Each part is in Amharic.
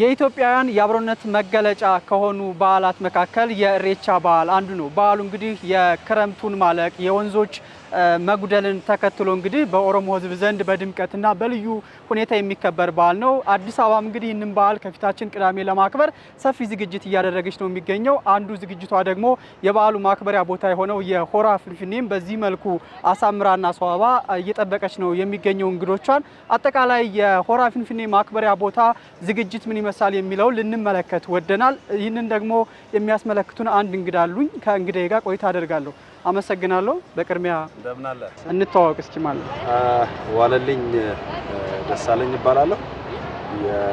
የኢትዮጵያውያን የአብሮነት መገለጫ ከሆኑ በዓላት መካከል የእሬቻ በዓል አንዱ ነው። በዓሉ እንግዲህ የክረምቱን ማለቅ የወንዞች መጉደልን ተከትሎ እንግዲህ በኦሮሞ ህዝብ ዘንድ በድምቀትና በልዩ ሁኔታ የሚከበር በዓል ነው። አዲስ አበባም እንግዲህ ይህንን በዓል ከፊታችን ቅዳሜ ለማክበር ሰፊ ዝግጅት እያደረገች ነው የሚገኘው። አንዱ ዝግጅቷ ደግሞ የበዓሉ ማክበሪያ ቦታ የሆነው የሆራ ፊንፊኔም በዚህ መልኩ አሳምራና አስውባ እየጠበቀች ነው የሚገኘው እንግዶቿን። አጠቃላይ የሆራ ፊንፊኔ ማክበሪያ ቦታ ዝግጅት ምን ይመስላል የሚለው ልንመለከት ወደናል። ይህንን ደግሞ የሚያስመለክቱን አንድ እንግዳ አሉኝ። ከእንግዳ ጋር ቆይታ አደርጋለሁ። አመሰግናለሁ። በቅድሚያ እንተዋወቅ እስኪ። ማለት ዋለልኝ ደሳለኝ ይባላለሁ።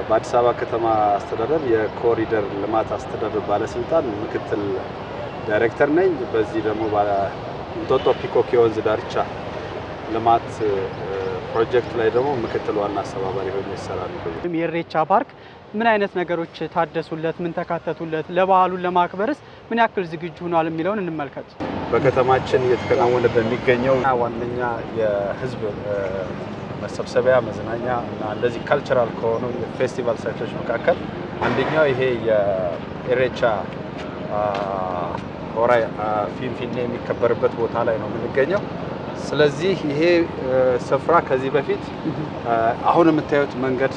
በአዲስ አበባ ከተማ አስተዳደር የኮሪደር ልማት አስተዳደር ባለስልጣን ምክትል ዳይሬክተር ነኝ። በዚህ ደግሞ እንጦጦ ፒኮክ የወንዝ ዳርቻ ልማት ፕሮጀክት ላይ ደግሞ ምክትል ዋና አስተባባሪ ሆኜ እሰራለሁ። የኢሬቻ ፓርክ ምን አይነት ነገሮች ታደሱለት? ምን ተካተቱለት? ለበዓሉን ለማክበርስ ምን ያክል ዝግጁ ሆኗል የሚለውን እንመልከት። በከተማችን እየተከናወነ በሚገኘው ዋነኛ የህዝብ መሰብሰቢያ መዝናኛ እና እንደዚህ ካልቸራል ከሆኑ የፌስቲቫል ሳይቶች መካከል አንደኛው ይሄ የኢሬቻ ሆራ ፊንፊኔ የሚከበርበት ቦታ ላይ ነው የምንገኘው። ስለዚህ ይሄ ስፍራ ከዚህ በፊት አሁን የምታዩት መንገድ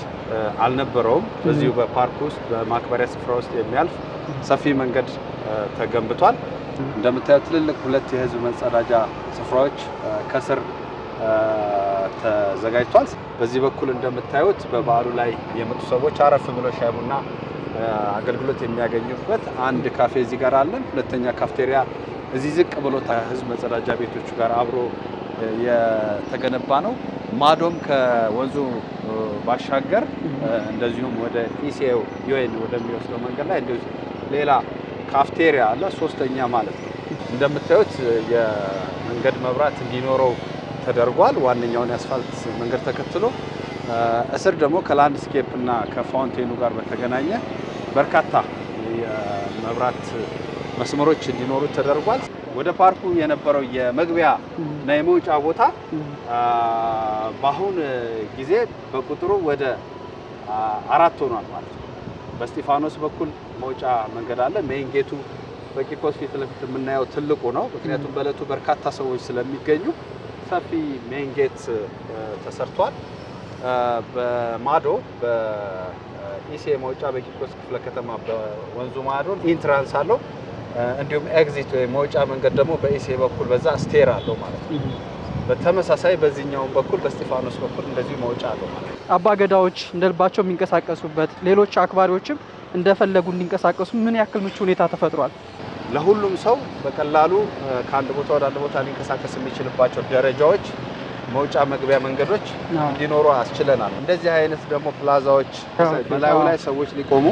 አልነበረውም። በዚሁ በፓርክ ውስጥ በማክበሪያ ስፍራ ውስጥ የሚያልፍ ሰፊ መንገድ ተገንብቷል። እንደምታዩት ትልልቅ ሁለት የህዝብ መጸዳጃ ስፍራዎች ከስር ተዘጋጅቷል። በዚህ በኩል እንደምታዩት በበዓሉ ላይ የመጡ ሰዎች አረፍ ብሎ ሻይ ቡና አገልግሎት የሚያገኙበት አንድ ካፌ እዚህ ጋር አለን። ሁለተኛ ካፍቴሪያ እዚህ ዝቅ ብሎ ህዝብ መጸዳጃ ቤቶቹ ጋር አብሮ የተገነባ ነው። ማዶም ከወንዙ ባሻገር እንደዚሁም ወደ ኢሲኤው ዩኤን ወደሚወስደው መንገድ ላይ እንዲሁ ሌላ ካፍቴሪያ አለ። ሶስተኛ ማለት ነው። እንደምታዩት የመንገድ መብራት እንዲኖረው ተደርጓል። ዋነኛውን የአስፋልት መንገድ ተከትሎ እስር ደግሞ ከላንድስኬፕ እና ከፋውንቴኑ ጋር በተገናኘ በርካታ የመብራት መስመሮች እንዲኖሩ ተደርጓል። ወደ ፓርኩ የነበረው የመግቢያ እና የመውጫ ቦታ በአሁን ጊዜ በቁጥሩ ወደ አራት ሆኗል ማለት ነው። በስጢፋኖስ በኩል መውጫ መንገድ አለ። ሜይን ጌቱ በቂኮስ ፊት ለፊት የምናየው ትልቁ ነው። ምክንያቱም በእለቱ በርካታ ሰዎች ስለሚገኙ ሰፊ ሜይን ጌት ተሰርቷል። በማዶ በኢሴ መውጫ በቂኮስ ክፍለ ከተማ በወንዙ ማዶ ኢንትራንስ አለው። እንዲሁም ኤግዚት ወይም መውጫ መንገድ ደግሞ በኢሴ በኩል በዛ ስቴር አለው ማለት ነው። በተመሳሳይ በዚህኛውም በኩል በስጢፋኖስ በኩል እንደዚሁ መውጫ አለው ማለት ነው። አባ ገዳዎች እንደልባቸው የሚንቀሳቀሱበት፣ ሌሎች አክባሪዎችም እንደፈለጉ እንዲንቀሳቀሱ ምን ያክል ምቹ ሁኔታ ተፈጥሯል? ለሁሉም ሰው በቀላሉ ከአንድ ቦታ ወደ አንድ ቦታ ሊንቀሳቀስ የሚችልባቸው ደረጃዎች፣ መውጫ መግቢያ መንገዶች እንዲኖሩ አስችለናል። እንደዚህ አይነት ደግሞ ፕላዛዎች በላዩ ላይ ሰዎች ሊቆሙ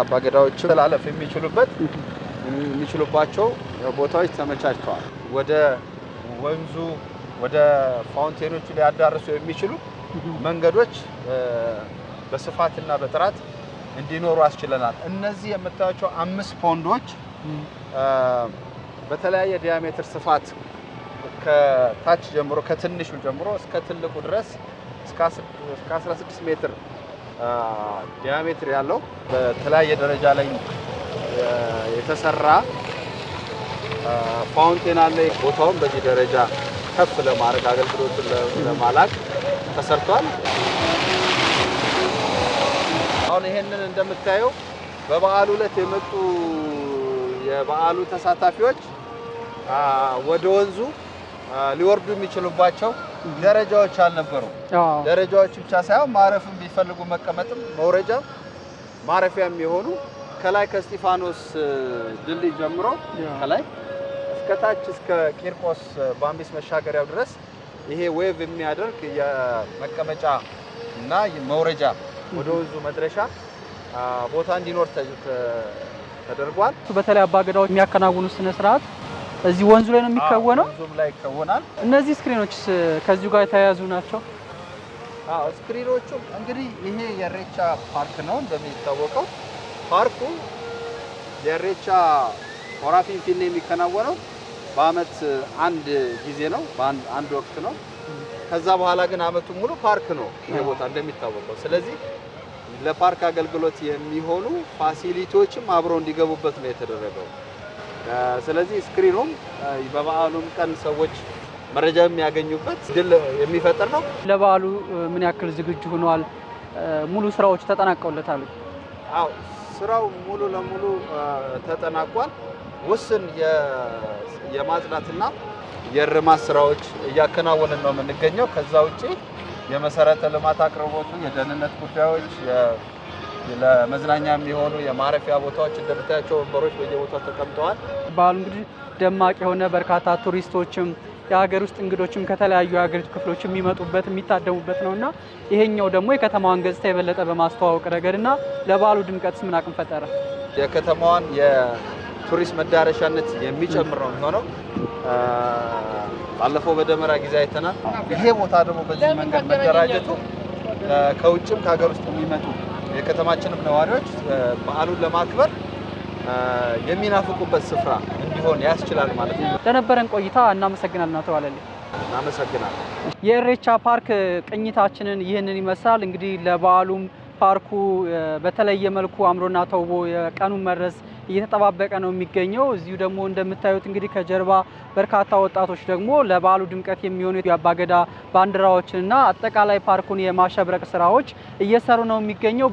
አባገዳዎች ተላለፍ የሚችሉበት የሚችሉባቸው ቦታዎች ተመቻችተዋል። ወደ ወንዙ ወደ ፋውንቴኖቹ ሊያዳርሱ የሚችሉ መንገዶች በስፋትና በጥራት እንዲኖሩ አስችለናል። እነዚህ የምታያቸው አምስት ፖንዶች በተለያየ ዲያሜትር ስፋት ከታች ጀምሮ ከትንሹ ጀምሮ እስከ ትልቁ ድረስ እስከ 16 ሜትር ዲያሜትር ያለው በተለያየ ደረጃ ላይ የተሰራ ፋውንቴን አለ። ቦታውን በዚህ ደረጃ ከፍ ለማድረግ አገልግሎት ለማላክ ተሰርቷል። አሁን ይሄንን እንደምታየው በበዓሉ ዕለት የመጡ የበዓሉ ተሳታፊዎች ወደ ወንዙ ሊወርዱ የሚችሉባቸው ደረጃዎች አልነበሩም። ደረጃዎች ብቻ ሳይሆን ማረፍም ቢፈልጉ መቀመጥም መውረጃ ማረፊያም የሆኑ ከላይ ከእስጢፋኖስ ድልድይ ጀምሮ ከላይ እስከታች እስከ ቂርቆስ ባምቢስ መሻገሪያው ድረስ ይሄ ዌቭ የሚያደርግ የመቀመጫ እና መውረጃ ወደ ወንዙ መድረሻ ቦታ እንዲኖር ተደርጓል። በተለይ አባገዳዎች የሚያከናውኑ ስነ ስርዓት እዚህ ወንዙ ላይ ነው የሚከወነው። ወንዙም ላይ ይከወናል። እነዚህ ስክሪኖችስ ከዚሁ ጋር የተያያዙ ናቸው? አዎ፣ ስክሪኖቹም እንግዲህ ይሄ የኢሬቻ ፓርክ ነው እንደሚታወቀው ፓርኩ የኢሬቻ ሆራ ፊንፊኔ የሚከናወነው በአመት አንድ ጊዜ ነው፣ አንድ ወቅት ነው። ከዛ በኋላ ግን አመቱ ሙሉ ፓርክ ነው ይሄ ቦታ እንደሚታወቀው። ስለዚህ ለፓርክ አገልግሎት የሚሆኑ ፋሲሊቲዎችም አብረው እንዲገቡበት ነው የተደረገው። ስለዚህ ስክሪኑም በበዓሉም ቀን ሰዎች መረጃ የሚያገኙበት ድል የሚፈጥር ነው። ለበዓሉ ምን ያክል ዝግጁ ሆኗል? ሙሉ ስራዎች ተጠናቀውለታል? አዎ ስራው ሙሉ ለሙሉ ተጠናቋል። ውስን የማጽዳትና የእርማት ስራዎች እያከናወንን ነው የምንገኘው። ከዛ ውጭ የመሰረተ ልማት አቅርቦቱ፣ የደህንነት ጉዳዮች፣ ለመዝናኛ የሚሆኑ የማረፊያ ቦታዎች እንደምታያቸው ወንበሮች በየቦታው ተቀምጠዋል። በዓሉ እንግዲህ ደማቅ የሆነ በርካታ ቱሪስቶችም የሀገር ውስጥ እንግዶችም ከተለያዩ የሀገሪቱ ክፍሎች የሚመጡበት የሚታደሙበት ነው እና ይሄኛው ደግሞ የከተማዋን ገጽታ የበለጠ በማስተዋወቅ ረገድና ለበዓሉ ድምቀትስ ምን አቅም ፈጠረ? የከተማዋን የቱሪስት መዳረሻነት የሚጨምር ነው የሚሆነው። ባለፈው በደመራ ጊዜ አይተናል። ይሄ ቦታ ደግሞ በዚህ መንገድ መደራጀቱ ከውጭም ከሀገር ውስጥ የሚመጡ የከተማችንም ነዋሪዎች በዓሉን ለማክበር የሚናፍቁበት ስፍራ እንዲሆን ያስችላል ማለት ነው። ለነበረን ቆይታ እናመሰግናለን አቶ አለልኝ። እናመሰግናለን። የእሬቻ ፓርክ ቅኝታችንን ይህንን ይመስላል። እንግዲህ ለበዓሉም ፓርኩ በተለየ መልኩ አምሮና ተውቦ የቀኑን መድረስ እየተጠባበቀ ነው የሚገኘው። እዚሁ ደግሞ እንደምታዩት እንግዲህ ከጀርባ በርካታ ወጣቶች ደግሞ ለበዓሉ ድምቀት የሚሆኑ የአባገዳ ባንዲራዎችንና አጠቃላይ ፓርኩን የማሸብረቅ ስራዎች እየሰሩ ነው የሚገኘው።